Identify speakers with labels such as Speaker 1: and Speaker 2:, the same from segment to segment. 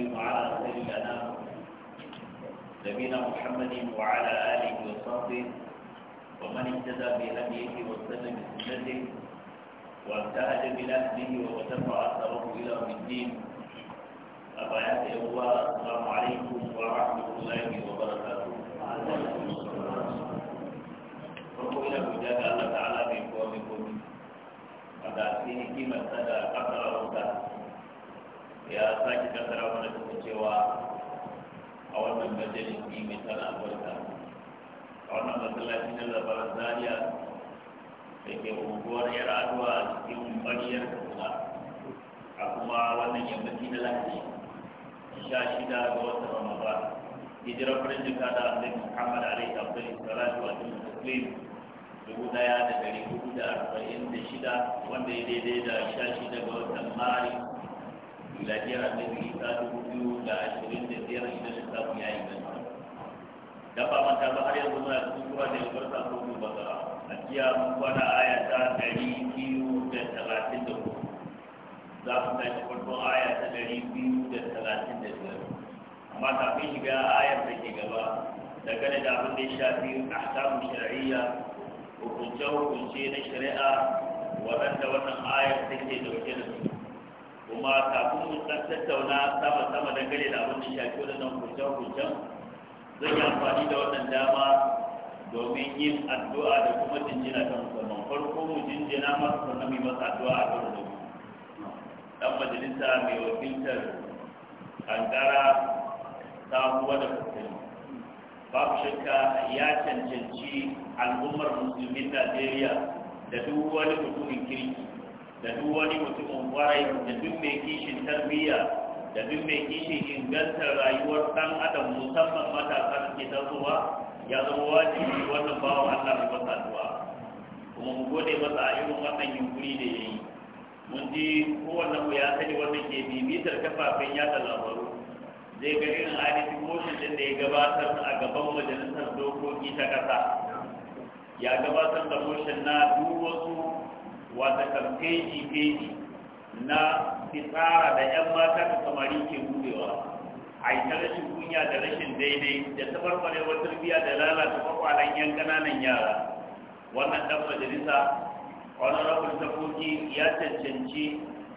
Speaker 1: سيدنا نبينا محمد وعلى آله وصحبه ومن اهتدى بهديه وسلم بسنته وابتهج بنهجه وتبع اثره الى يوم الدين أبعاد الله السلام عليكم ورحمة الله وبركاته Farko الى godiya الله تعالى ta'ala mai kowa mai komi, a da ya sake kasara mana duka cewa a wannan majalisi mai tana albarka a wannan masallaci na labaran zariya da ke unguwar yar aduwa a cikin bariyar kasuwa a kuma wannan yammaci na lahadi sha shida ga watan ramadan hijirar farin jika da annabi muhammad alaihi abdullahi salatu wa sallam dubu daya da dari hudu da arba'in da shida wanda ya daidai da sha shida ga watan maris da annabi ta dubu biyu da ashirin da biyar idan lissafin ya yi gani da ba manta ba har yanzu muna cikin sura da albarka ko mu bakara a jiya mun kwana aya ta dari biyu da talatin da hudu za mu tashi farkon aya ta dari biyu da talatin da biyar amma kafin shiga ayar da ke gaba dangane da abin da ya shafi ahkamu shari'a hukunce-hukunce na shari'a waɗanda wannan ayar take dauke da su Kuma kafin mu san tattauna sama sama dangane da abin da shafi waɗannan hujjan-hujjan zan yi amfani da wannan dama domin yin addu'a da kuma jinjina ta musamman farko mu jinjina masu sannan mu yi masa addu'a a kan rubu dan majalisa mai wakiltar kankara kuma da fuskani babu shakka ya cancanci al'ummar musulmin najeriya da duk wani mutumin kirki da duk wani mutumin kwarai da duk mai kishin tarbiyya da duk mai kishin ingantar rayuwar ɗan adam musamman matasa da ke tasowa ya zama wajibi wannan bawa Allah mai masa addu'a kuma mu gode masa a irin wannan yunkuri da yayi mun ji kowanne mu ya sani wanda ke bibitar kafafen yada labaru zai ga irin ainihin motion din da ya gabatar a gaban majalisar dokoki ta ƙasa ya gabatar da motion na wata keji-keji na fitara da yan mata da samari ke budewa a yi ta rashin kunya da rashin daidai da tabarbarewar tarbiyya da lalata kwakwalan yan ƙananan yara wannan dan majalisa wani rabin tafoki ya cancanci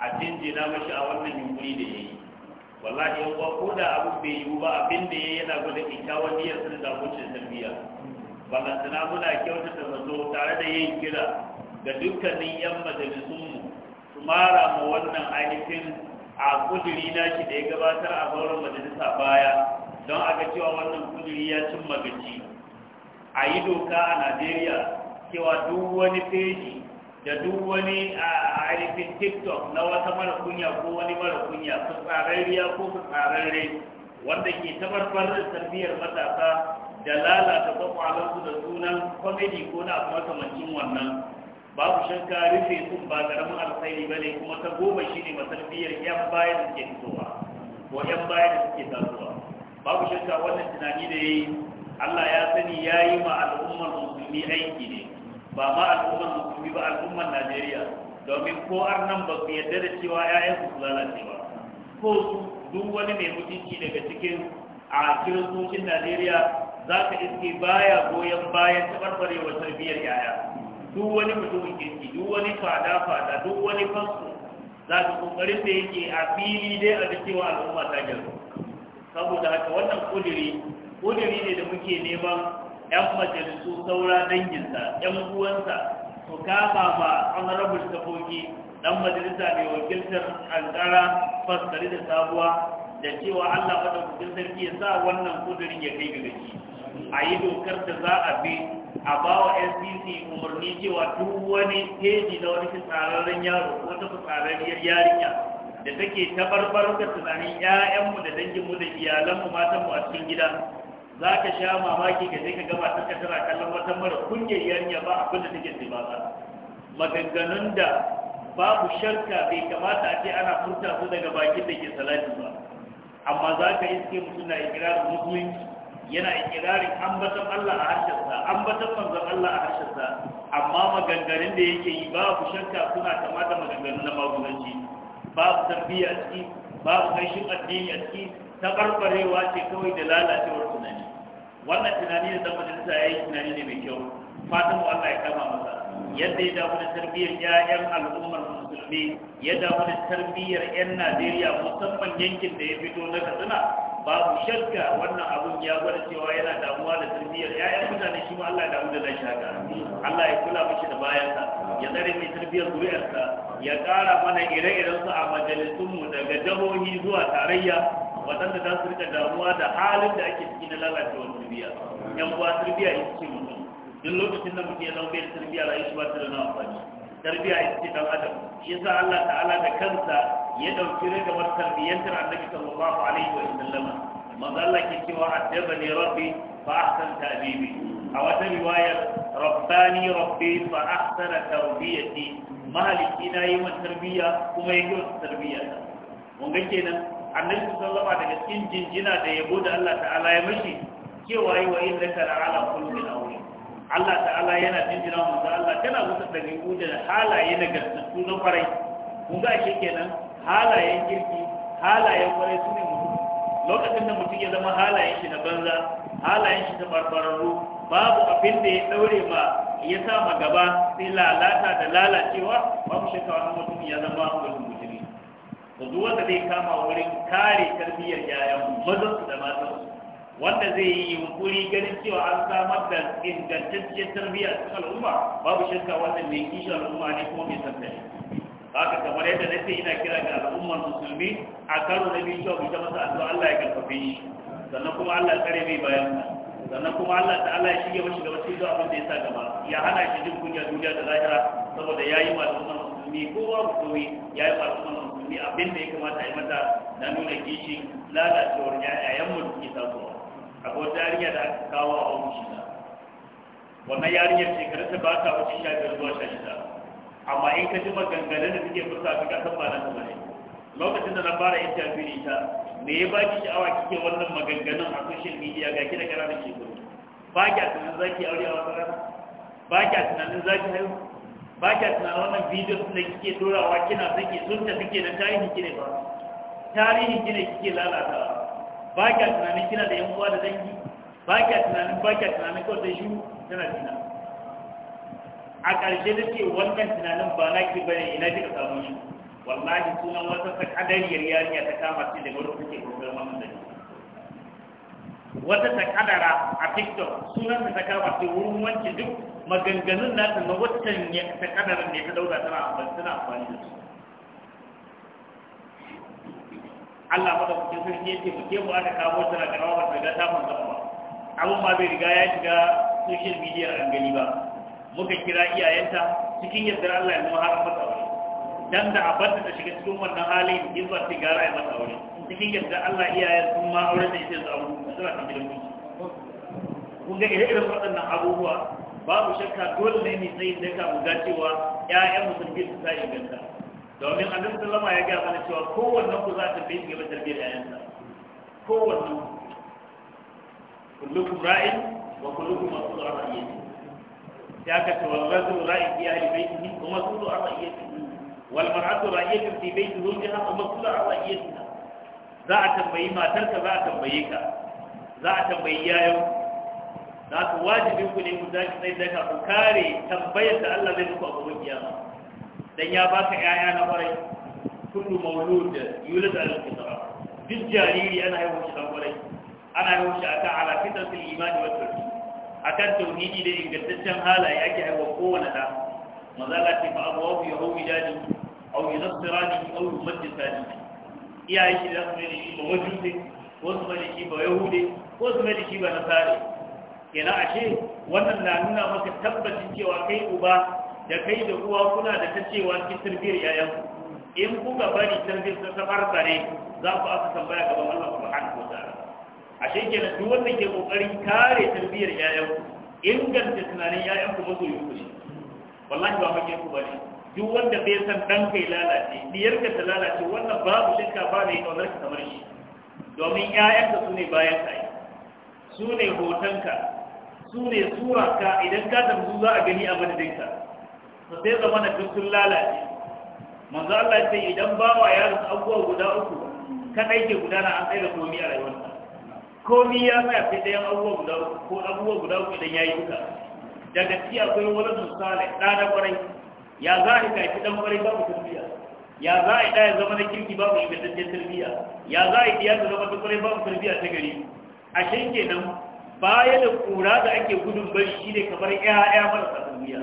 Speaker 1: a jinjina mashi a wannan yunkuri da ya yi wallahi yan ko da abin bai yiwu ba abin da ya yi yana gwada kyakkyawan niyyar sun zabucin tarbiyya suna muna kyautata zato tare da yin kira da dukkanin yan majalisunmu su mara mu wannan ainihin a kudiri na shi da ya gabatar a sauran majalisa baya don a ga cewa wannan kudiri ya cin magaci a yi doka a najeriya cewa duk wani feji da duk wani a ainihin tiktok na wata mara kunya ko wani mara kunya tsararriya ko tsararri wanda ke tabarfar da tarbiyyar matasa da lalata kwakwalansu da sunan kwamiti ko na makamancin wannan babu shanka rufe sun ba karamin alkhairi bane kuma ta goma ne masarfiyar yan bayan da suke fitowa ko yan bayan da suke tasowa babu shanka wannan tunani da yayi Allah ya sani ya yi ma al'ummar musulmi aiki ne ba ma al'ummar musulmi ba al'ummar Najeriya domin ko nan ba ku yarda da cewa ƴaƴan su lalace ba ko su duk wani mai mutunci daga cikin a kiristocin Najeriya za ka iske baya goyon bayan taɓarɓarewar tarbiyyar yaya duk wani mutumin kirki duk wani fada fada duk wani fanko za ka kokarin da yake a fili dai a da cewa al'umma ta gyaru saboda haka wannan kudiri kudiri ne da muke neman yan majalisu saura danginsa yan uwansa su kama ma honorable boki dan majalisa mai wakiltar kankara fasari da sabuwa da cewa allah madaukakin sarki ya sa wannan kudirin ya kai ga a yi dokar da za a bi a ba wa ncc umarni cewa duk wani keji na wani fitsararren yaro ko ta fitsararriyar yarinya da take tabarbar da tunanin 'ya'yanmu da danginmu da iyalanmu matanmu a cikin gida za ka sha mamaki ka je ka gaba ta ka tara kallon wata mara kunyar yarinya ba abin da take ce ba maganganun da babu sharka bai kamata a ce ana furta su daga bakin da ke salati ba amma za ka iske mutum na ikirarin musulunci yana ikirarin ambatan Allah a harshensa ambatan manzon Allah a harshensa amma maganganun da yake yi babu shakka suna kama da maganganun na magudanci babu tarbiyya a ciki babu ƙanshin addini a ciki ta barbarewa ce kawai da lalacewar tunani wannan tunani da zamanin sa ya yi tunani ne mai kyau fatan mu Allah ya kama masa yadda ya damu da tarbiyyar 'ya'yan al'ummar musulmi ya damu da tarbiyyar 'yan Najeriya musamman yankin da ya fito na Katsina babu shakka wannan abun ya gwada cewa yana damuwa da tarbiyyar ƴaƴan mutane shi ma Allah ya damu da nashi haka Allah ya kula mishi da bayansa ya tsare mai tarbiyyar zuriyarsa ya ƙara mana ire-iren su a mu daga jahohi zuwa tarayya waɗanda za su rika damuwa da halin da ake ciki na lalacewar tarbiyya yan uwa tarbiyya ita ce mutum duk lokacin da mutum ya zama bai tarbiyya rayuwa ba ta da na amfani tarbiya ya ce dan adam yasa Allah ta'ala da kansa ya dauki rigamar tarbiyantar annabi sallallahu alaihi wa sallam manzo Allah ke cewa addabani rabbi fa ahsan ta'dibi a wata riwayar rabbani rabbi fa ahsana tarbiyati mahaliki na yi man tarbiya kuma ya yi wata tarbiya mun ga kenan annabi sallallahu alaihi daga cikin jinjina da yabo da Allah ta'ala ya mashi cewa yi wa ka la'ala kullu min awliya Allah ta'ala yana jinjina mu da Allah tana musu dabi'u da halaye na gaskatu na kwarai kun ga shi kenan halayen kirki halayen kwarai su ne mutum lokacin da mutum ya zama halayen shi na banza halayen shi ta barbararru babu abin da ya daure ma ya sa ma gaba sai lalata da lalacewa babu shakka wani mutum ya zama wani ne da duk wanda zai kama wurin kare tarbiyyar yayan mazan da matan wanda zai yi yunkuri ganin cewa an samar da ingantacciyar tarbiyya a cikin al'umma babu shakka wannan mai kishi al'umma ne kuma mai san tare haka kamar yadda na ce ina kira ga al'ummar musulmi a karo na biyu kyau ta masa addu'a Allah ya karfafe shi sannan kuma Allah tsare mai bayan sannan kuma Allah ta Allah ya shige mashi gaba cikin zuwa abin da ya sa gaba ya hana shi jin kunya duniya da lahira saboda ya yi ma al'ummar musulmi ko babu kowi ya yi wa al'ummar musulmi abin da ya kamata a yi mata na nuna kishi lalacewar mu da sa tasowa akwai dariya da aka kawo a wani shida. wannan yarinyar shekarar ta ba ta wuce sha biyar zuwa sha shida amma in ka ji maganganun da suke fusa ka ka san ba na ba ne lokacin da na fara yin tafiri ta me ya baki sha'awa kike wannan maganganun a social media ga ki da shekaru ba ki tunanin za ki aure a wata rana ba ki tunanin za ki haihu ba ki tunanin wannan bidiyo da kike dorawa kina sake sun ta suke na tarihi kine ba tarihi kine kike lalata ba kya tunanin kina da yan uwa da dangi ba kya tunanin ba kya tunanin kawai sai shi tana tuna a ƙarshe da ce wannan tunanin ba na ki bane ina kika samu shi wallahi sunan wata sakadariyar yarinya ta kama ce daga wani kuke kokarin wannan da wata takadara a tiktok sunan ta kama ce wurin wanke duk maganganun nata na waccan da ya ta dauka tana amfani da su Allah da kuke yi ce muke mu aka kawo ta na karawa ba ta ga ta fanta ba abun bai riga ya shiga social media an gani ba muka kira iyayenta cikin yadda Allah ya mu har ta aure dan da abada ta shiga cikin wannan halin in ba ta gara ya ta aure cikin yadda Allah iyayen sun ma aure da ita zuwa suna tambayar mu kun ga ire-iren waɗannan abubuwa babu shakka dole ne ne sai da ka mu ga cewa ƴaƴan musulmi su sa inganta domin annabi sallama ya ga mana cewa kowanne ku za ta bi shi gaba tarbiyyar yayansa kowanne kullukum ra'in wa kullukum mas'ulun an ra'iyati ya ka ce wal rajulu ra'in fi ahli baytihi wa mas'ulun an ra'iyatihi wal mar'atu ra'iyatun fi bayti zawjiha wa mas'ulun an ra'iyatiha za a tambayi matarka za a tambaye ka za a tambayi yayan za ku wajibin ku ne ku zaki tsaye da ku kare tambayar da Allah zai muku a gobe kiyama dan ya ba ka yaya na kwarai kullu maulud yulad al fitra duk jariri ana yi shi dan kwarai ana yi shi akan ala fitratul imani wa tauhid akan tauhidi da ingantaccen halaye ake haihuwa kowane da mazala ce fa abuwa ya hau midani au yi nasirani au yi majisani iyaye shi da su mai da shi ba wajude ko su mai shi ba yahude ko su mai shi ba nasare kenan ashe wannan na nuna maka tabbacin cewa kai uba da kai da kuwa kuna da ta cewa ki tarbiyar yayan in kuka bari tarbiyar ta tabarbare za ku aka tambaya gaban Allah subhanahu wa ta'ala ashe kenan duk wanda ke kokarin kare tarbiyar yayan inganta tunanin yayan ku mazo yi ku wallahi ba muke ku bari duk wanda bai san dan kai lalace diyar ka ta lalace wannan babu shakka ba ne kaunar ka kamar shi domin yayan ka sune bayan ka sune hotonka sune ka idan ka tambu za a gani a madadinka to sai zama na tuntun lalace manzo Allah ya ce idan bawa ya rasu abubuwa guda uku kadai guda gudana an tsaye komi a rayuwarsa komi ya tsaya sai ɗayan abubuwa guda uku ko abubuwa guda uku idan ya yi duka daga ci akwai wani misali ɗa na ƙwarai ya za a haifi ɗan ƙwarai babu tarbiyya ya za a yi ɗaya zama na kirki babu ingantaccen tarbiyya ya za a yi ɗiya zama na ƙwarai babu tarbiyya ta gari a shan kenan baya da kura da ake gudun bari shi ne kamar ƴaƴa marasa tarbiyya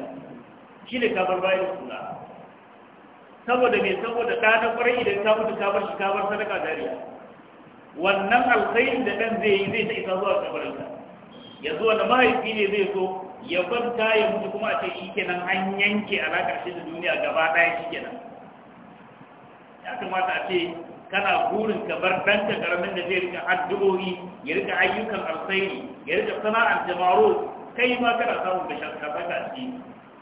Speaker 1: shi ne kamar bayan suna saboda mai saboda ɗana ƙwarai idan ta mutu ka bar shi ka bar sadaka dariya wannan alkhairi da ɗan zai yi zai ta isa zuwa kabarinsa yanzu da mahaifi ne zai so ya kwanta ya mutu kuma a ce shi kenan an yanke lakar shi da duniya gaba ɗaya shi kenan ya kamata a ce kana burin ka bar ɗanka ƙaramin da zai rika addu'o'i ya rika ayyukan alkhairi ya rika sana'ar jama'aru kai ma kana samun da shakka a ciki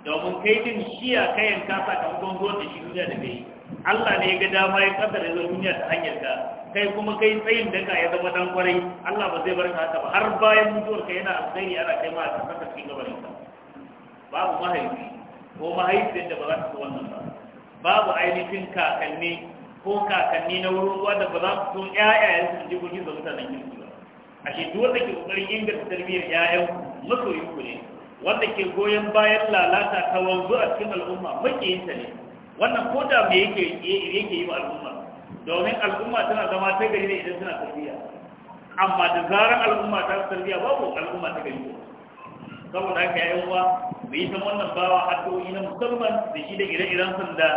Speaker 1: domin kai din shiya kayan ka sakamakon zuwa da shi duniya da kai Allah ne ya ga dama ya kasar da duniya ta hanyar ka kai kuma kai tsayin da ka ya zama dan kwarai Allah ba zai bar ka haka ba har bayan mutuwar ka yana alkhairi ana kai ma ka saka cikin gaban ka babu mahaifi ko mahaifi da ba za ta so wannan ba babu ainihin kakanni ko kakanni na wurin ruwa da ba za su so ƴaƴayen su ji gurin da mutanen kirki ba ashe duk wanda ke kokarin inganta tarbiyyar ƴaƴan masoyin ku ne wanda ke goyon bayan lalata ta wanzu a cikin al'umma makiyinta ne wannan ko da me yake yake yi wa al'umma domin al'umma tana zama ta gari ne idan suna tarbiyya amma da zarar al'umma ta tarbiyya babu al'umma ta gari saboda haka yayin me yi san wannan bawa addu'o'i na musamman da shi da ire-iren sanda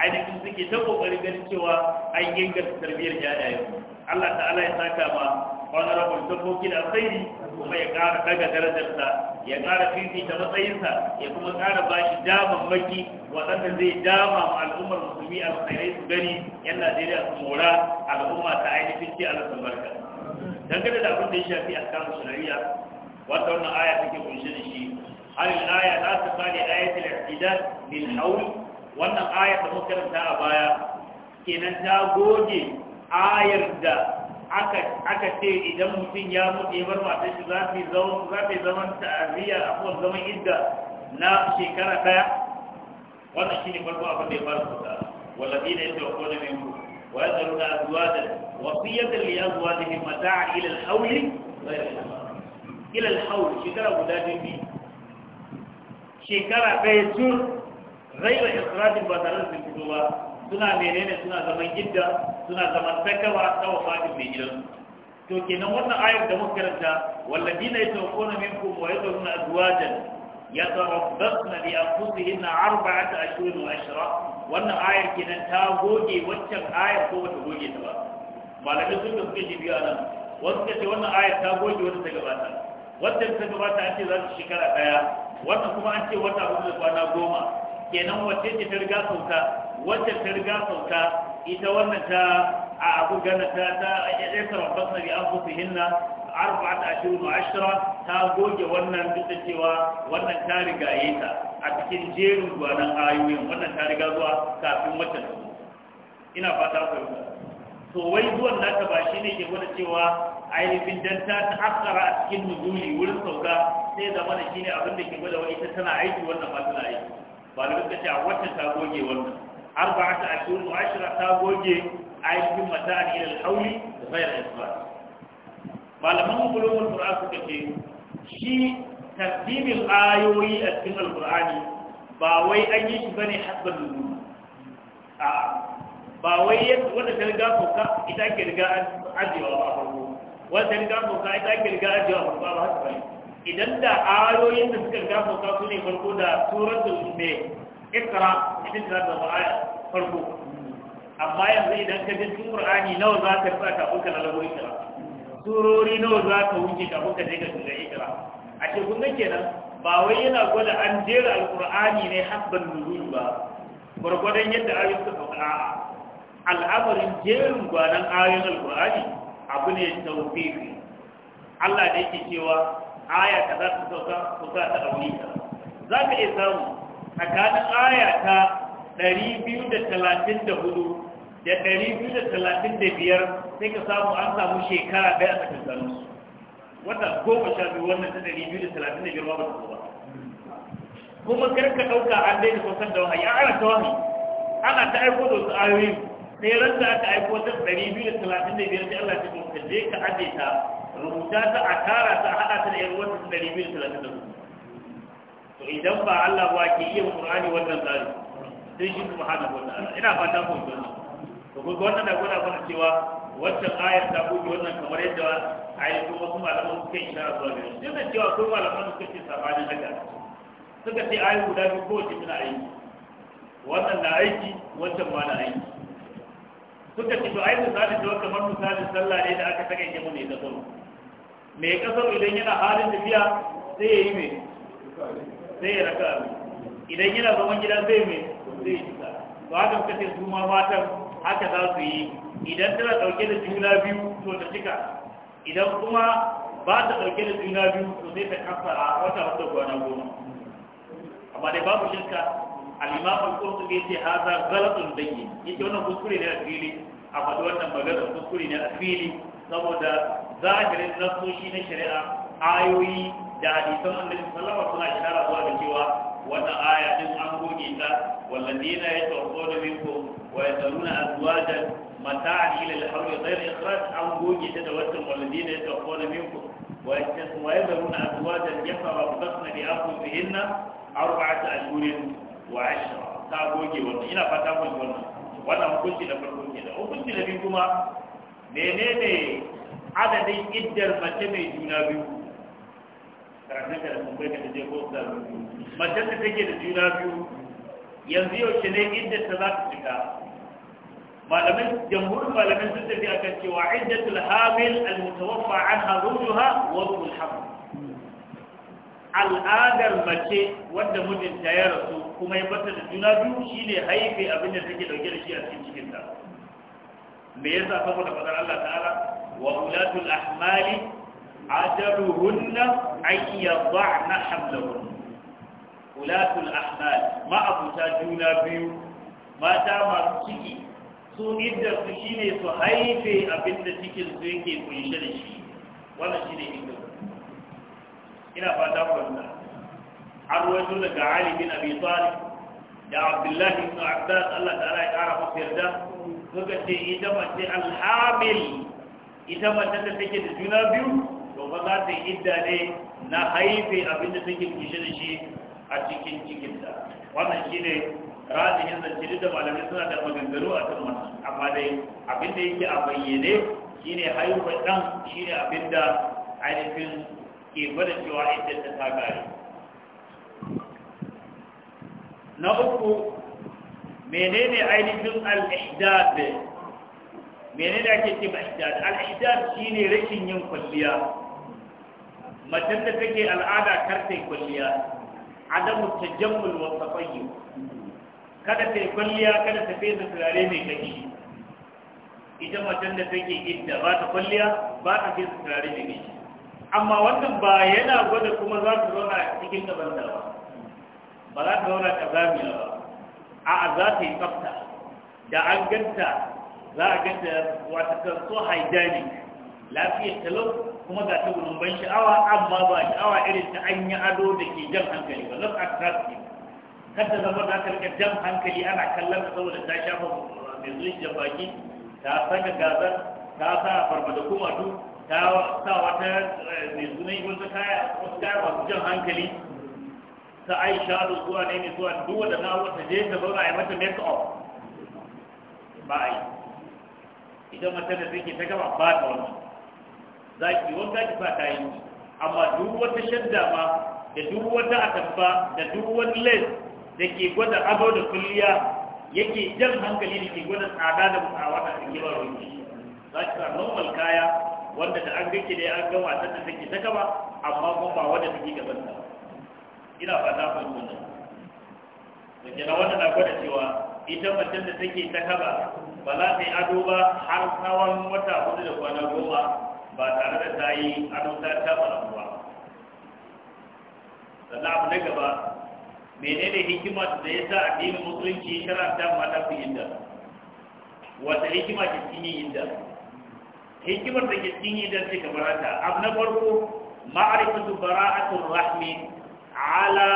Speaker 1: ainihin suke ta kokarin ganin cewa an inganta tarbiyyar yau Allah ta'ala ya saka ma honorable dabboki da alkhairi kuma ya ƙara daga darajarsa ya ƙara fifita matsayinsa ya kuma ƙara ba shi damammaki waɗanda zai dama ma al'ummar musulmi a alkhairai su gani yan najeriya su mora al'umma ta ainihin ce ala barka dangane da abin da ya shafi a kan shari'a wata wannan aya take kunshe da shi hal aya za ta fara ayatul ihtidal bil hawl wannan aya da muka karanta a baya kenan ta goge ayar da aka ce idan mutum ya mutu bar matar shi za ta yi zaman ta'aziyya a kowane zaman idda na shekara daya wannan shi ne farko abin da ya fara kusa wallafi da yadda wako da minku wa ya zaru da azuwa da wasiyyar da liya zuwa da himma ta a ilal hauli ilal hauli shekara guda biyu shekara ɗaya tur rai da israfin ba tare da sun fito ba suna menene suna zaman idda suna zamantakewa ta wafatin mai gidansu to kenan wannan ayar da muka karanta walladina yatawaffawna minkum wa yadhuruna azwajan yatarabbasna bi anfusihinna arba'ata ashhurin wa ashra wannan ayar kenan ta goge waccan ayar ko bata goge ta ba malamai sun da suka jibi a nan. wasu suka ce wannan ayar ta goge wata ta gabata waccan ta gabata an ce za ta shekara ɗaya. wannan kuma an ce wata hudu da kwana goma kenan wacce ce ta riga sauka wacce ta riga sauka ita wannan ta a abu gana ta ta ayyasar rabbas na bi an fusu hinna arba ta ashirin wa ashira ta goge wannan duk da cewa wannan ta rigaye ta a cikin jerin gwanan ayoyin wannan ta riga zuwa kafin wata da ina fata fahimta to wai zuwan nata ba shi ne ke gwada cewa ainihin dan ta ta'akkara a cikin nuzuli wurin sauka sai zama da shi ne abin da ke gwada wani ita tana aiki wannan ba tana aiki ba da ce a wacce ta goge wannan arba'ata ashhur wa ashra ta goge ayyukan mata'an ila al-hawli ghayr isbat malaman ulumul qur'an suka ce shi tartibin ayoyi a cikin ba wai an yi shi bane hasban nuzul a ba wai wanda ta riga sauka ita ke riga ajiyewa ba farko wanda ta riga sauka ita ke riga ajiyewa ba idan da ayoyin da suka riga sauka su ne farko da ikra idan da zama aya farko amma yanzu idan ka ji qur'ani nawa za ka fara buka na lalabo ikra surori nawa za ka wuce ka ka je ka shiga ikra a ce kun kenan ba wai yana gwada an jera alqur'ani ne habban nuzul ba gwargwadon yadda ayoyin suka sauka a'a al'amarin jerin gwanan ayoyin alqur'ani abu ne tawfiqi Allah da yake cewa aya kaza ta sauka sauka ta aure ta za ka iya samu tsakanin aya ta 234 da 235 sai ka samu an samu shekara ɗaya a tsakaninsu wata goma sha biyu wannan ta 235 ba ta ba kuma karka ɗauka an daina kusan da wahayi ana ta wahayi ana ta aiko da wasu ayoyin sai ran da aka aiko ta 235 sai Allah ta kuma kalle ka ajiye ta rubuta ta a tara ta haɗa ta da yan wata 234 idan ba Allah ba ke iya Qur'ani wannan tsari sai shi kuma hada wannan ina fata ku wannan to ku wannan da gwada mana cewa wannan ayar ta buɗe wannan kamar yadda ayi kuma wasu malaman suke yi shara zuwa gare shi da cewa ko malaman suke suka ce sabani haka suka ce ayi guda biyu kowace tana aiki wannan na aiki wancan ba na aiki suka ce to ai misali da kamar misali sallah ne da aka saka yake mu ne da sallah me kasar idan yana halin tafiya sai ya yi mai sai ya raka idan yana zaman gida zai mai zai shiga to haka suka ce su ma matan haka za su yi idan tana ɗauke da juna biyu to ta cika idan kuma ba ta ɗauke da juna biyu to zai ta kafa a wata wata gwana goma amma dai babu shirka al-imam al-qurtubi yace hadha galatun dangi yake wannan kuskure ne a fili a faɗi wannan magana kuskure ne a fili saboda zahirin nasoshi na shari'a ayoyi da hadisan annabi sallallahu alaihi wasallam suna ishara zuwa ga cewa wannan aya din an goge ta walladina yatawaffawna minkum wa yasaluna azwajan mata'an ila al-hawli ghayra ikhraj an goge ta da wannan walladina yatawaffawna minkum wa yasaluna azwajan yafarabasna bi anfusihinna arba'ata ashhurin wa ashra ta goge wannan ina fata kun wannan wannan hukunci da farko ke da hukunci da biyu kuma menene adadin iddar mace mai juna biyu karatun da kumbai ka je ko sa mace da take da juna biyu yanzu yaushe ne idda ta za ta cika malamin jamhurin malamin sun tafi akan cewa iddatul hamil almutawaffa anha zawjuha wa ruhul haml al'adar mace wadda mijinta ya rasu kuma ya bata da juna biyu shine haife abin da take dauke da shi a cikin cikinta me yasa saboda fadar Allah ta'ala wa ulatul ahmali ajaluhunna an yadha'na hamlahun ulatul ahmal ma abuta juna biyu mata masu ciki su idda su shine su haife abinda cikin su yake kunshe da shi wannan shine ina fata ku wannan arwaju daga Ali bin da Abdullahi ibn Abbas Allah ta'ala ya kara musu yarda suka ita mace ita mace da take da juna biyu to ba za ta yi idda ne na haife abin da take kishe da shi a cikin da wannan shi ne rajihin zance duk da malamai suna da maganganu a kan wannan amma dai abin da yake a bayyane shi ne haifa ɗan shi ne abin da ainihin ke gwada cewa inda ta gari na uku menene ainihin al-ihdad menene ake ce ba ihdad shi ne rashin yin kwalliya. Matan da take al'ada kar ta yi kwalliya adamu tajammul wa tafayyu kada ta yi kwalliya kada ta fesa turare mai kashi ita matan da take idda ba ta kwalliya ba ta fesa turare mai kashi amma wannan ba yana gwada kuma za ta zauna cikin gaban ba ba za ta zauna kazamiya ba a'a za ta yi tsafta da an ganta za a ganta wata kan so hygienic lafiyar talo kuma ga ta gudun ban sha'awa amma ba sha'awa irin ta an yi ado da ke jan hankali ba zan attractive kar ta zama za ta rika jan hankali ana kallon da saboda ta shafa mai da baki ta saka gazar ta sa farma da kumatu ta sa wata eh, mai zunai wata kaya wasu kaya masu jan hankali ta aisha da zuwa ne mai zuwa duk da na wata je ta zauna a yi mata make up ba a yi idan mata da take ta gaba ba ta wannan za ki wanka ki sa kayan ki amma duk wata shadda ma da duk wata atabba da duk wani les da ke gwada ado da kulliya yake jan hankali da ke gwada tsada da mutawa a cikin yawon rufi za ki sa normal kaya wanda da an gake da ya an ga ta da take saka ba? amma kuma ba wanda take gaban ta ina fata fahimta wannan da ke na wanda na gwada cewa ita mutum da take saka ba ba za ta yi ado ba har tsawon wata hudu da kwana goma ba tare da ta yi ado ta taɓa abuwa sannan abu na gaba menene hikima da ya sa addinin musulunci ya ma mata fi inda wata hikima ke cikin yin inda hikimar da ke cikin yin inda ce kamar haka abu na farko ma'arifatu bara'atul rahmi ala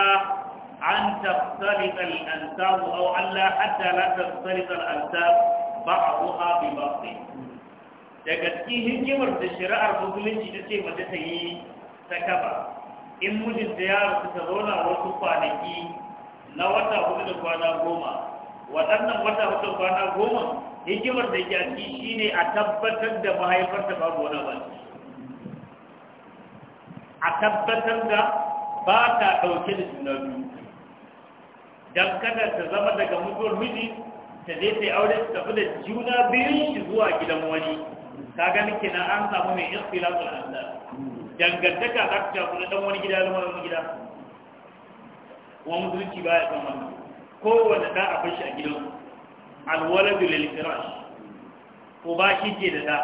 Speaker 1: an tafsalit al-ansab aw alla hatta la tafsalit al-ansab ba'daha bi ba'd daga cikin hikimar da shari'ar musulunci ta ce mace ta yi sakaba in da ya su ta zauna wasu kwanaki na wata hudu da kwana goma waɗannan wata hudu da kwana goma hikimar da ke a shi ne a tabbatar da mahaifarta babu wani ba a tabbatar da ba ta ɗauke da juna biyu don kada ta zama daga mutuwar miji ta je ta yi aure ta tafi da juna biyun shi zuwa gidan wani ka gani kenan an samu mai ikhtilaful ansar dangantaka za ta shafi dan wani gida da wani gida wa musulunci baya son wannan kowanne da a fashi a gidan alwaladu lil firash ko ba shi ke da da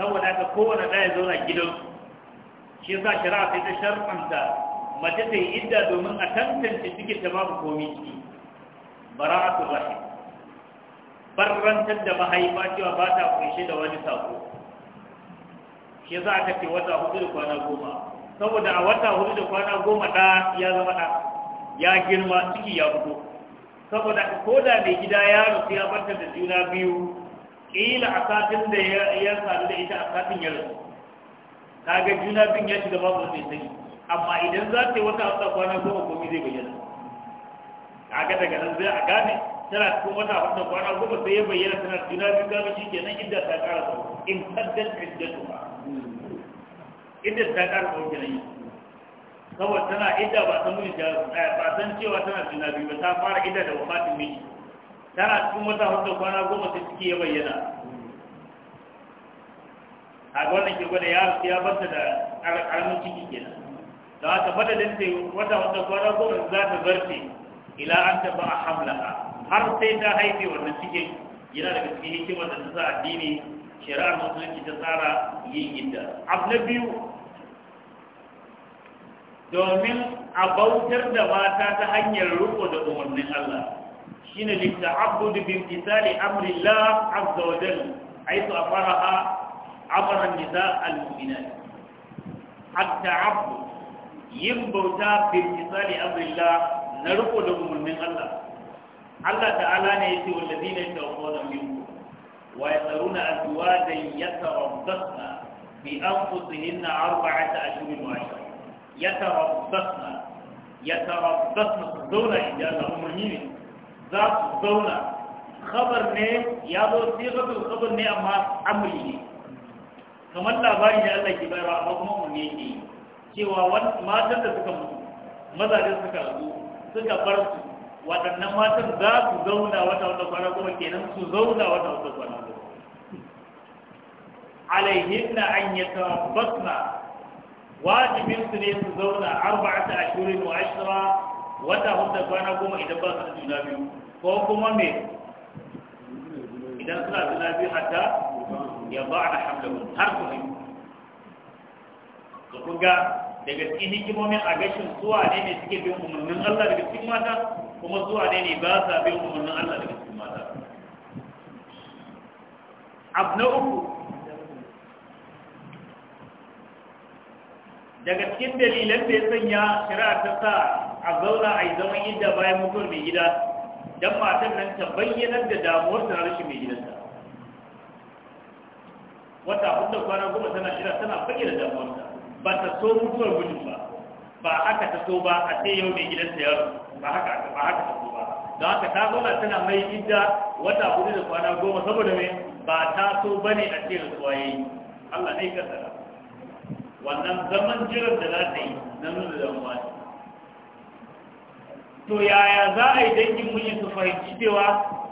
Speaker 1: saboda haka kowanne da ya zauna gidan shi yasa shari'a sai ta sharfanta mace ta yi idda domin a tantance cikin ta babu komai ciki bara'atul rahim barrantar da mahaifa cewa ba ta kunshe da wani sako shi za a kace wata hudu da kwana goma saboda a wata hudu da kwana goma ɗa ya zama ɗa ya girma ciki ya fito saboda ko da mai gida ya rasu ya barta da juna biyu ƙila a satin da ya sadu da ita a satin ya rasu ga juna biyun ya shiga babu mai sani amma idan za ta yi wata hudu da kwana goma komi zai bayyana A ga daga nan zai a gane tana cikin wata wata kwana goma sai ya bayyana tana juna biyu gami shi kenan inda ta kara sau in kaddar iddatu ba inda ta kara sau kenan saboda tana idda ba san muni eh, ba san cewa tana juna biyu ba ta fara idda da wafatin miji tana cikin wata wata kwana goma sai ciki ya bayyana a ga wannan ke gwada ya ya bata da ƙaramin ciki kenan da aka bada da wata wata kwana goma za ta zarce ila an taba a hamlaha har sai ta haife wannan cikin yana daga cikin hikimar da ta sa addini shari'ar musulunci ta tsara yin idda abu na biyu domin a bautar da mata ta hanyar riko da umarnin Allah shine litta'abbudu bi imtisali amrillah azza wa a fara ha amara nisa al-mu'minat at-ta'abbud yin bauta Bin bi imtisali amrillah na riko da umarnin Allah Allah ta'ala ne yake wa ladina yatawafawna minkum wa ta azwajan yatarabbasna bi ya arba'ata ashhurin wa ashra yatarabbasna su zauna inda Allah umarni ne za su zauna khabar ne ya zo sigatul khabar ne amma amri ne kamar labari ne Allah ke bayarwa amma kuma umarni yake cewa matan da suka mutu mazajen suka zo suka bar su waɗannan matan za su zauna wata wata kwana goma kenan su zauna wata wata kwana goma alaihinna an yi tabbasna wajibin su ne su zauna arba'ata ashirin wa ashira wata wata kwana goma idan ba su da juna biyu ko kuma me idan suna juna biyu hatta ya ba na hamlin har su haihu ga daga cikin hikimomin a gashin suwa ne ne suke bin umarnin Allah daga cikin mata kuma zuwa ne ne ba sa bin umarnin Allah daga cikin mata abu na uku daga cikin dalilan da ya sanya shirar ta sa a zauna a yi zaman inda bayan mutuwar mai gida don matan nan ta bayyanar da damuwar ta rashin mai gidanta wata hudu kwana goma tana shira tana bayyana damuwarta ba ta so mutuwar gudun ba ba haka ta so ba a sai yau mai gidansa ya ba haka ba haka ta so ba don haka ta zauna tana mai idda wata hudu da kwana goma saboda mai ba ta so ba ne a ce rasuwa yi Allah ne ka tsara wannan zaman jiran da za ta yi na nuna damuwa ne to yaya za a yi dangin miji su fahimci cewa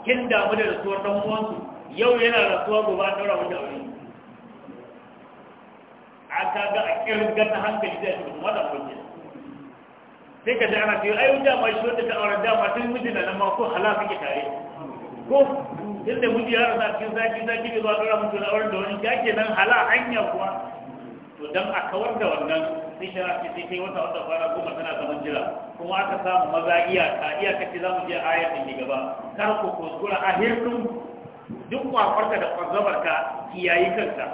Speaker 1: kin damu da rasuwar ɗan uwansu yau yana rasuwa gobe a ɗaura wata aure a ga a kirgar na hankali zai ta kuma da kunya sai ka ji ana ce ai ma shi wanda ta aure ma tun miji na nan ma ko hala ke tare ko inda miji ya rasa cikin zaki zaki ne zuwa ɗora mutu na auren da wani ya ke nan hala hanya kuwa to dan a kawar da wannan sai shara ce sai kai wata wata fara goma tana zaman jira kuma aka samu maza iyaka iyaka ce za mu je ayatin ne gaba kar ku kuskura a hirkun duk kwakwarka da kwazabarka kiyayi kanka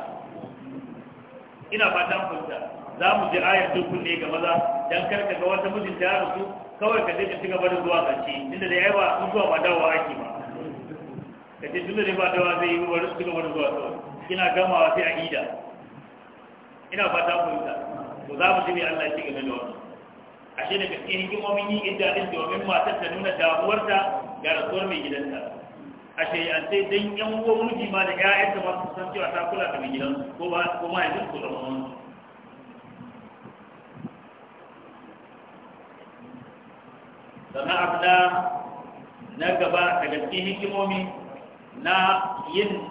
Speaker 1: ina fatan fahimta za mu ji ayar dukkan ne ga maza dan kar ka ga wata mijin ta rasu kawai ka je ka ci gaba da zuwa kanci inda da yawa sun zuwa ba dawowa ake ba ka ce tunda da ba dawowa zai yi wani su gaba da zuwa kawai ina gama sai a ida ina fata ta ku za mu ji ne Allah ya ci gaba da A ashe daga cikin hikimomin yi idda din domin matar ta nuna damuwarta ga rasuwar mai gidanta ashe an sai dan yan uwa miji ma da 'ya'yanta ma su san cewa ta kula da mai gidansu ko ba ko ma yanzu ko zama mamman sannan abda na gaba daga cikin hikimomi na yin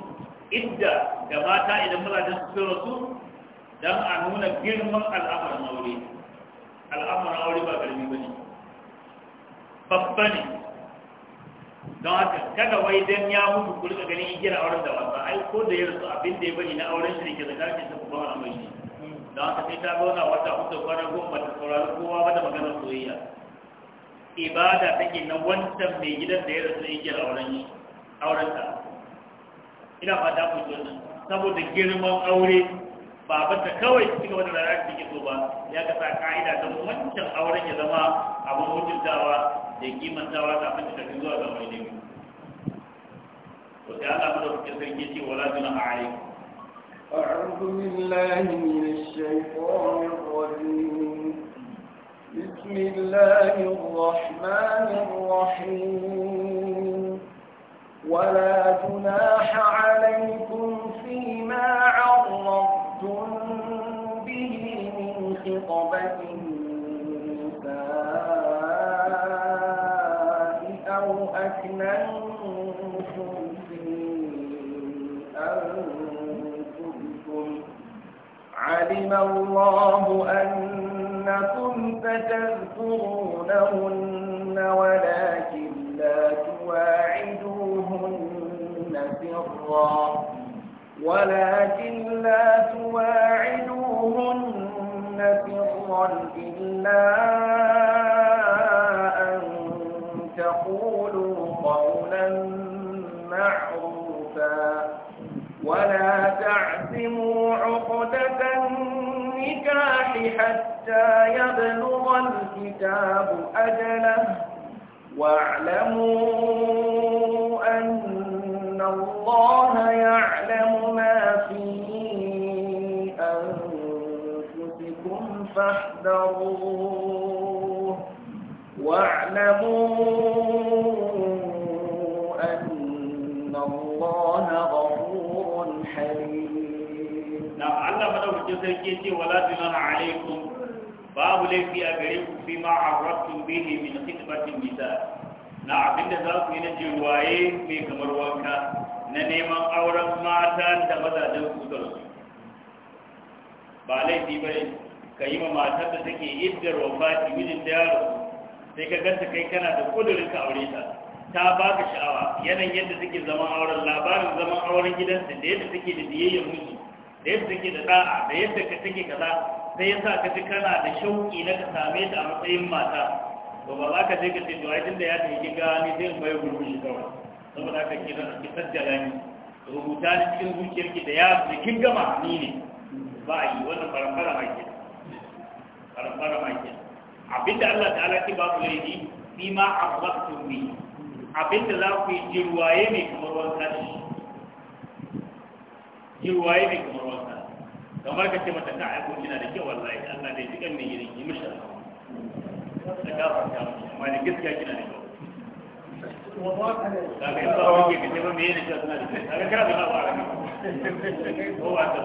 Speaker 1: idda da mata idan mazajen su fero su don a nuna girman al'amuran aure Al'amuran aure ba garbi ba ne babba ne don haka kada wai don ya mutu ku rika ganin igiyar auren da wasa ai ko da ya rasu abin da ya bani na auren shi ne ke zakarar ta kuma wani mai ne don haka sai ta zauna wata hutu kwanar goma ta saurari kowa ba da maganar soyayya ibada take na wancan mai gidan da ya rasu yake auren ta ina fata ku ji wannan saboda girman aure ba ba ta kawai cikin wani rana da take so ba ya ka sa ka'ida ta wancan auren ya zama abin mutuntawa da kimantawa kafin ta tafi zuwa ga mai ne to sai Allah mu da kuke sarki ce wala juna alaikum
Speaker 2: أعوذ بالله من الشيطان الرجيم بسم الله الرحمن الرحيم ولا جناح عليكم فيما عرضتم به من خطبة النساء أو أكننتم في أنفسكم علم الله أن لعلكم تتذكرونهن ولكن لا تواعدوهن سرا ولكن لا تواعدوهن سرا إلا أن تقولوا قولا معروفا ولا تعزموا عقدة النكاح حتى حتى يبلغ الكتاب أجله واعلموا أن الله يعلم ما في أنفسكم فاحذروه واعلموا أن الله غفور حليم نعم علم في ولا جناح عليكم babu
Speaker 1: laifi a gare ku fi ma arrabtum bihi min khitbatin nisa na abinda za ku yi na jirwaye mai kamar wanka na neman auren mata da mazajen su ba laifi bane ka yi ma matar da take iddar wafati mijin da yaro sai ka ganta kai kana da kudurin ka aure ta ta ba ka sha'awa yanayin yadda suke zaman auren labarin zaman auren gidansa da yadda take da biyayyar miji da yadda take da ɗa'a da yadda ka take kaza sai ya sa ka ji kana da shauƙi na ka same ta a matsayin mata ba ba za ka je ka ce to ai da ya tafi gani sai in bayan gurbin shi kawai saboda haka ki zan ki sajjala ni rubuta ni cikin zuciyarki da ya da kin gama ni ne ba a yi wannan faramfara ma ke faramfara ma ke abinda Allah ta'ala ki ba ku laifi fi ma akhbartum bi abinda za ku yi jirwaye mai kamar wanka ne jirwaye mai kamar wanka kamar ka ce mata ka aiko kina da kyau wallahi Allah dai jikan mai gidan ki mishi da gafarta mishi amma da gaskiya kina da kyau kaga in ba wani ke ba me yana cewa suna da kyau kaga kana da ba ba ko ba ta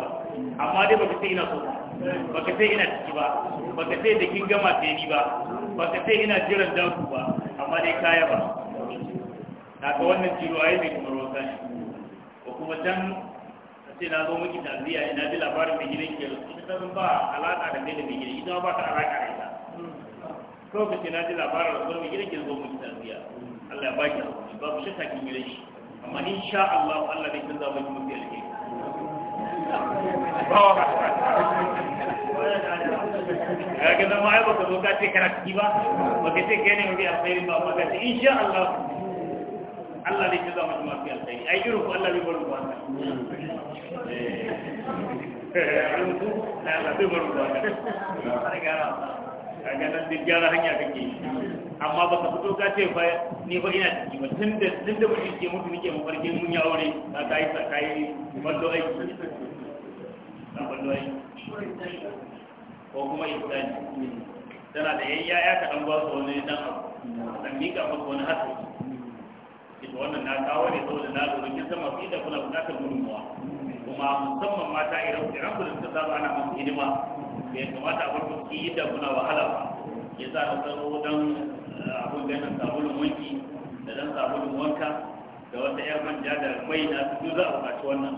Speaker 1: amma dai baka ce ina so baka ce ina ciki ba baka ce da kin gama sai ni ba baka ce ina jiran daku ba amma dai kaya ba haka wannan ciwo ai bai kuma rosa ne ko kuma dan sai na zo miki tarbiya ina ji labarin mai gidan ke ita ta ba alaƙa da mai da mai gidan ita ba ta alaƙa da ita kawai ka ce na ji labarin rasuwar mai gidan ke zo miki tarbiya Allah ya ba ki hakuri ba ku shakka kin gidan shi amma in sha Allah Allah ne kin zama ki mafi alheri ya ga zama ai baka zo ka ce karatu ciki ba baka ce kai ne mafi alheri ba baka ce in sha Allah Allah ne ke zama kuma fiye alkhairi ai irin ku Allah ne bar ruwa ta eh an ku Allah ta nan gyara hanya amma baka fito ka ce fa ni ina ciki ba tunda tunda mutum ke mun ya aure ka kai kai kuma ba su wani dan abu dan mika wannan na kawo ne saboda na lura kin san masu da kuna bukatar gudunmuwa kuma musamman mata idan idan kuna ta saba ana musu hidima bai kamata a farko ki yi da kuna wahala ba ya sa na tsaro dan eh, abun ganin sabulun wanki da dan sabulun wanka da wata yar manja da mai na su za a bukaci wannan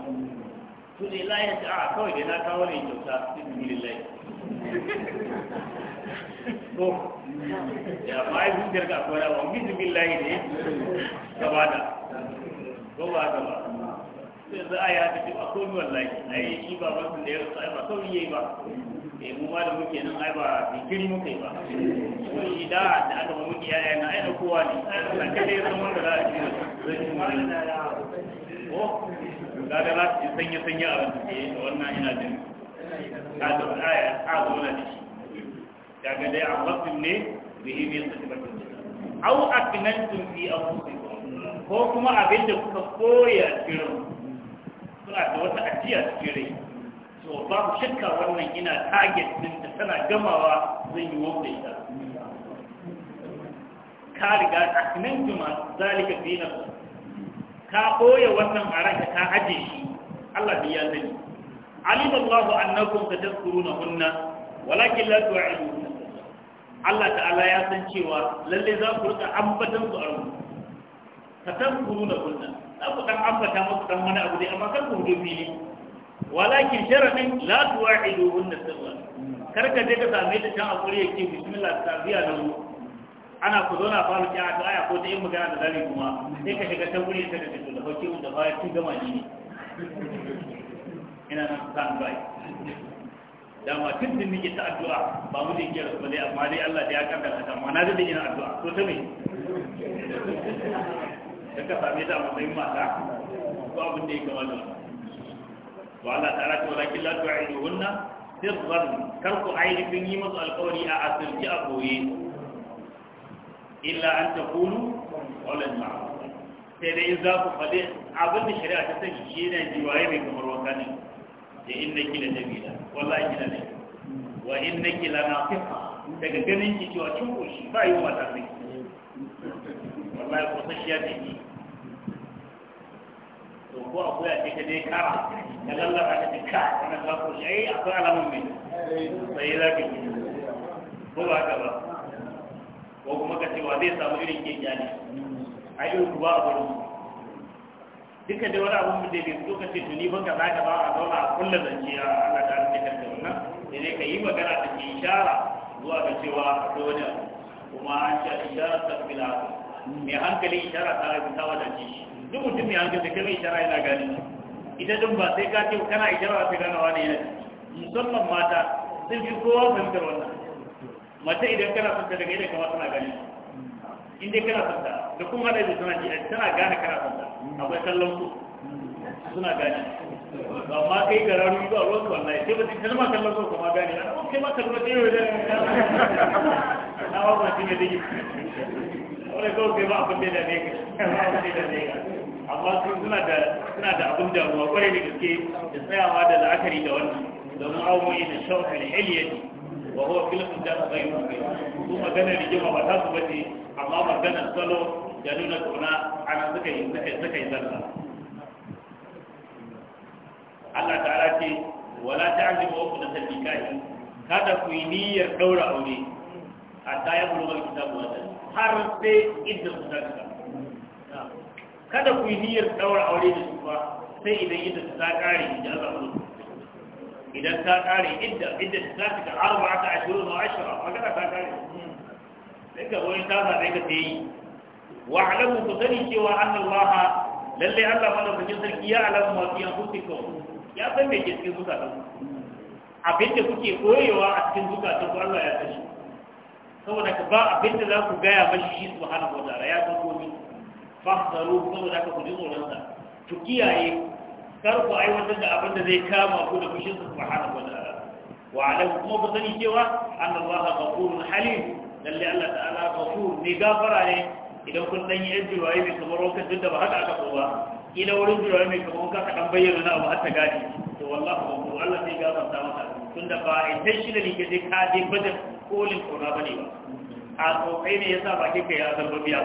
Speaker 1: su ne la ya ce a kawai da na kawo ne kyauta su ne lillahi ko ya ba ya zuciyar ka da rawa bisu billahi ne gaba da gaba da ba sai za a yi haka a komi wallahi a yi shi ba wasu da ya rasu yi ba sauri yi ba eh mu ma da muke nan ai ba bikiri muka yi ba ko shi da da aka ba muke yaya na aina kowa ne ai kada ya san wanda za a ji da ci ma.
Speaker 2: ko da za su
Speaker 1: sanya sanya a eh, wannan ina jin ka da aya a zo na da shi daga dai a wasu ne bihi min sifatin au aknantum fi anfusikum ko kuma abin da kuka koya cikin suna da wata ajiya cikin rai ba ku shakka wannan ina target din da tana gamawa zan yi wanda ita ka riga aknantum zalika fi nafsi ka koya wannan a ranka ka ajiye. shi Allah bai ya sani alim Allah annakum tadhkurunahunna walakin la tu'iduhunna Allah ta'ala ya san cewa lalle za ku rika ambatan su a rubutu ka san kuru da kunna za ku dan ambata muku dan wani abu dai amma kan ku hudu ne walakin sharadin la tuwa'idu hunna sirra kar ka je ka same ta can a kuri yake bismillah ta biya da ruwa ana ku zo na faru ki a aya ko ta yin magana da zari kuma sai ka shiga ta guri ta da ta da hauki da ya tun gama ne ina nan san bai dama tun da nake ta addu'a ba mu da kiyar ba dai amma dai Allah da ya kaddara ta amma na da ina addu'a to
Speaker 2: ta me da ka same ta matsayin mata ko
Speaker 1: abin da ya kamata wa Allah ta'ala ta laki la hunna sirran kar ku bin yi masa alƙawari a asirci a boye illa an ta kunu ƙaunar ma. sai dai in za ku faɗi abin da shari'a ta sani shi yana jiwaye mai kamar wakanin da inna kila jamila wallahi kina ne wa innaki lanaqifa daga ganin ki cewa kin koshi ba yi wata sai wallahi ko sai ya ce to ko akwai a cikin dai kara da lallaka ta dika kana ka koshi ai eh, akwai alamun mai sai za ki ko ba ka ba ko kuma ka ce wa zai samu irin kiyani ai ku ba a gurin duka da wani abun da bai fito ka ce tuni ba ka zaka ba a zauna a kulla zance a Allah ta rufe da wannan sai dai ka yi magana da ke ishara zuwa ga cewa a wani kuma an sha ishara ta fila mai hankali ishara ta rabu ta wadance ce duk mutum mai hankali kai mai ishara yana gani ita din ba sai ka ce kana ishara ta gana wani yana musamman mata sun fi kowa fahimtar wannan mace idan kana son ta daga yadda kamar tana gani in dai kana son da kun haɗa da tana gane akwai kallon su suna gane ba ma kai ga ruwan kallon su kuma gane ana kai ma kallon sai yau da na ba shi ne kai ba abin da ne amma suna da suna da abin da ruwa kwarai da gaske da tsayawa da la'akari da wannan domin awon yi da iliyati وهو huwa fil hujjat ghayru ثم su magana rigima ba ta su bace amma magana salo ya nuna سكي سكي suka yi suka zalla Allah ta'ala ce wala ta'zimu wa حتى يبلغ kada ku yi niyyar aure har sai idan ku kada ku yi niyyar daura aure da su ba sai idan idan ta kare da Allah idan ta kare idda idda ta ta ka arba ta ashirin wa ashira magana ta kare sai ka wani ta sa sai ka sai wa alamu ku sani cewa annallaha lalle Allah madaukakin sarki ya alamu ma fi anfusikum ya san me ke cikin zukatan abin da kuke koyewa a cikin ta ku Allah ya tashi. saboda ka ba abin da za ku gaya mashi shi subhanahu wa ta'ala ya san komai fahdaru saboda ka ku ji tsoron sa ku kiyaye kar ku aiwatar da abin da zai kama ku da fushin su subhanahu wa ta'ala wa alahu kuma ku sani cewa anna allaha ghafurun halim lalle Allah ta'ala ghafur ne gafara ne idan kun dan yi ajiyar mai kamar wanka duk da ba haka aka so Idan ila wurin jirawa mai kamar wanka kaɗan bayyana na abu har gadi to wallahu ghafur Allah zai gafarta maka tunda ba intentionally ke zai ka je bada kolin kona bane ba a tsokai ne yasa ba kika ya zarba biya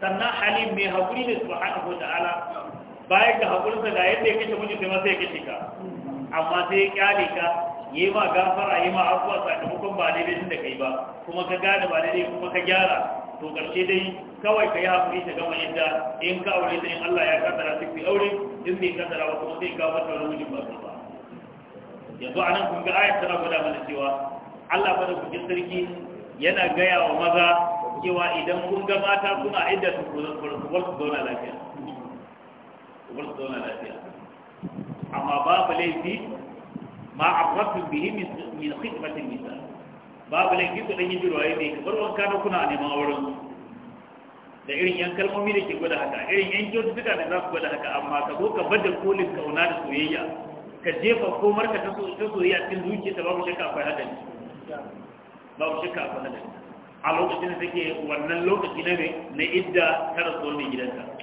Speaker 1: sannan halim mai haƙuri ne subhanahu wa ta'ala bayan ga hakurinsa da yadda ya kashe miji sai ma sai ya kashe ka amma sai ya kyale ka yi ma gafara yi ma abuwa sakamakon ba daidai da kai ba kuma ka gane ba daidai kuma ka gyara to karshe dai kawai ka yi hakuri ta gama yadda in ka aure ta in Allah ya kaddara sai ku aure in bai kaddara ba kuma sai ka mata wani mijin ba ba yanzu anan kun ga ayat tana gwada mana cewa Allah fa da kuke sarki yana gaya wa maza cewa idan kun ga mata kuna idda su ku zauna lafiya kuma su zauna lafiya amma babu laifi ma abratu bihi min khidmatin nisa babu laifi ku dan yi jirwaye ne kamar wanka na kuna neman auren da irin yan kalmomi da ke gwada haka irin yan kyaututtuka da za ku gwada haka amma ka zo ka bada kolin kauna da soyayya ka jefa komar ka ta soyayya cikin zuciya ta babu shakka akwai hadari babu shakka akwai hadari a lokacin da take wannan lokaci na mai na idda ta rasuwar mai gidanka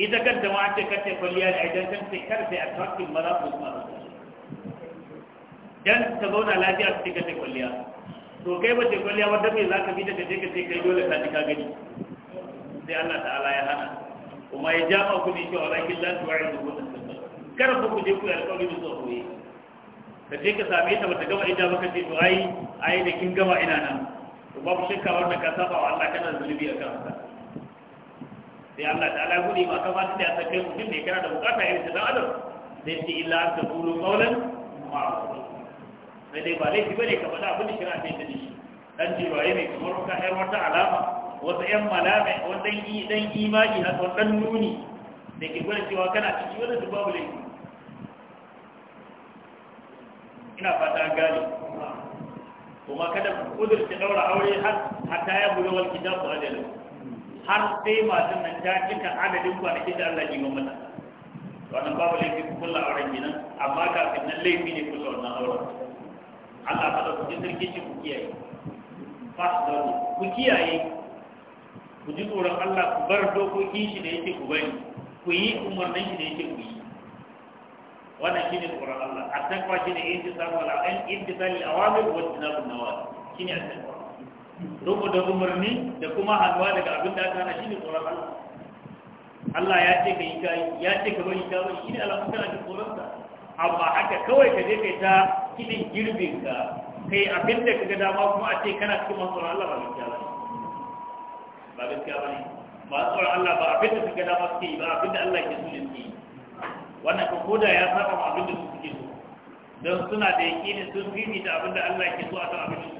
Speaker 1: ita kanta ma an ce kace kwalliya da idan kan sai kar sai a tawakin maza ko kuma dan ta zauna lafiya su kace kwalliya to kai ba ce kwalliya ba dan me ka bi da kace kace kai dole ka ji ka gani sai Allah ta'ala ya hana kuma ya jama ku ne cewa lakin lan da kunna kar ku je ku alƙawari da tsohoye ka je ka same ta bata gama ita baka ce to ai ai da kin gama ina nan to babu shakka wannan ka saba wa Allah kana zulubi a kanka sai Allah ta'ala gudi ba kama tunda ya sake mutum ne kana da bukata irin ta zama adam sai illa an ta kulu qawlan sai dai ba laifi bane ka faɗa abin da shira sai ta dishi dan ji waye ne kamar ka yar wata alama wata yan malama wata dan imani haka dan nuni da ke gwada cewa kana ciki wani su babu laifi ina fata gane kuma kada ku kudurta daura aure har ta ya bulu kitabu kitab ajalin har sai matan nan ta cika adadin kwanakin da Allah ya mata wannan babu laifi ku kulla auren kenan amma kafin nan laifi ne kulla wannan auren Allah ta da kuɗin sarki ce ku kiyaye da ku kiyaye ku ji tsoron Allah ku bar dokokin shi da yake ku bari ku yi umarnin shi da yake ku yi wannan shine tsoron Allah a takwa shine yin al-awamir wa tinabun nawal shine a takwa roƙo da umarni da kuma halwa daga abin da aka shi ne tsoron Allah Allah ya ce ka yi kayi ya ce ka bari ka shi ne alamun kana jin tsoronsa amma haka kawai ka je kai ta kiɗin girbin ka kai abin da ka ga dama kuma a ce kana cikin masu tsoron Allah ba gaskiya ba ba gaskiya ba ne masu tsoron Allah ba abin da suka dama suke yi ba abin da Allah ke so ne suke yi wannan kan koda ya saba ma abin da suke so don suna da yakinin sun da abin da Allah ke so a kan abin da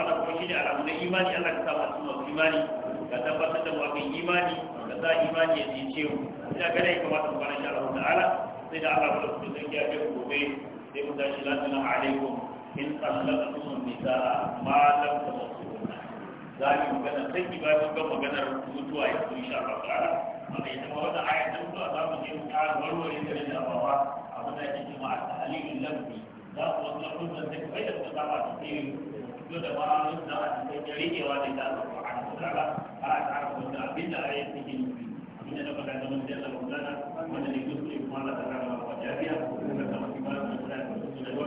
Speaker 1: wannan kuma ne alamu na imani Allah ka sa cikin masu imani ka tabbatar da mu akan imani ka sa imani ya zince mu ina ga dai ta bana insha Allah ta'ala sai da Allah ya rubuta sai ya ku gobe sai mu tashi lafiya alaikum in sallatu nisaa ma lam tamassuhunna zai magana sai bayan ga maganar mutuwa ya ku insha Allah ta'ala amma idan wannan ayatun da za mu je mu ƙara warware da da abawa abin da yake cewa at-ta'lilul lafzi za ku wannan hujjar da kai da ta ba ta yau da ba mun da a cikin rikewa ne da Allah subhanahu wa ta'ala a ta'ala da abin da ayi cikin abin da baka da mun da Allah magana wanda ne kuskure kuma Allah ta rama wa jabiya da kuma kuma da da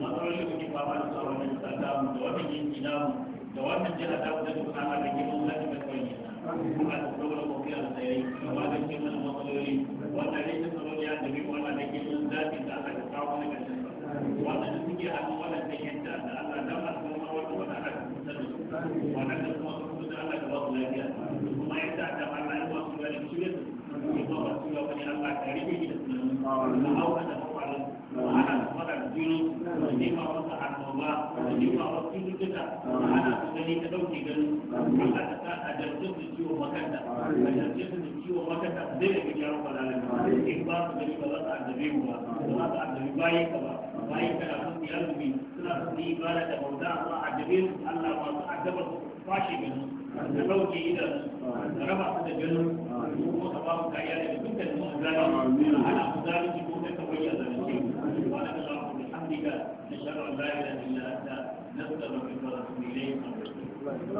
Speaker 1: wannan matsalolin da ke fama da su a wannan tsada mu da wannan yanki namu da wannan jihar da wanda duka ana da kiman lafiya da kwaye kuma da sauran mafiya da tsayayi kuma da kiman matsaloli abin ya rubi suna su yi da bauta a jabe su Allah ba su addaba su kwashe gani da dauke yi da raba su da gani ko kuma ka ba kariya daga dukkan mu a ana a zalimi ko kai ka
Speaker 2: bayyana zalimi wa la ilaha illa anta nashhadu an la ilaha illa anta nastaghfiruka wa natubu ilayk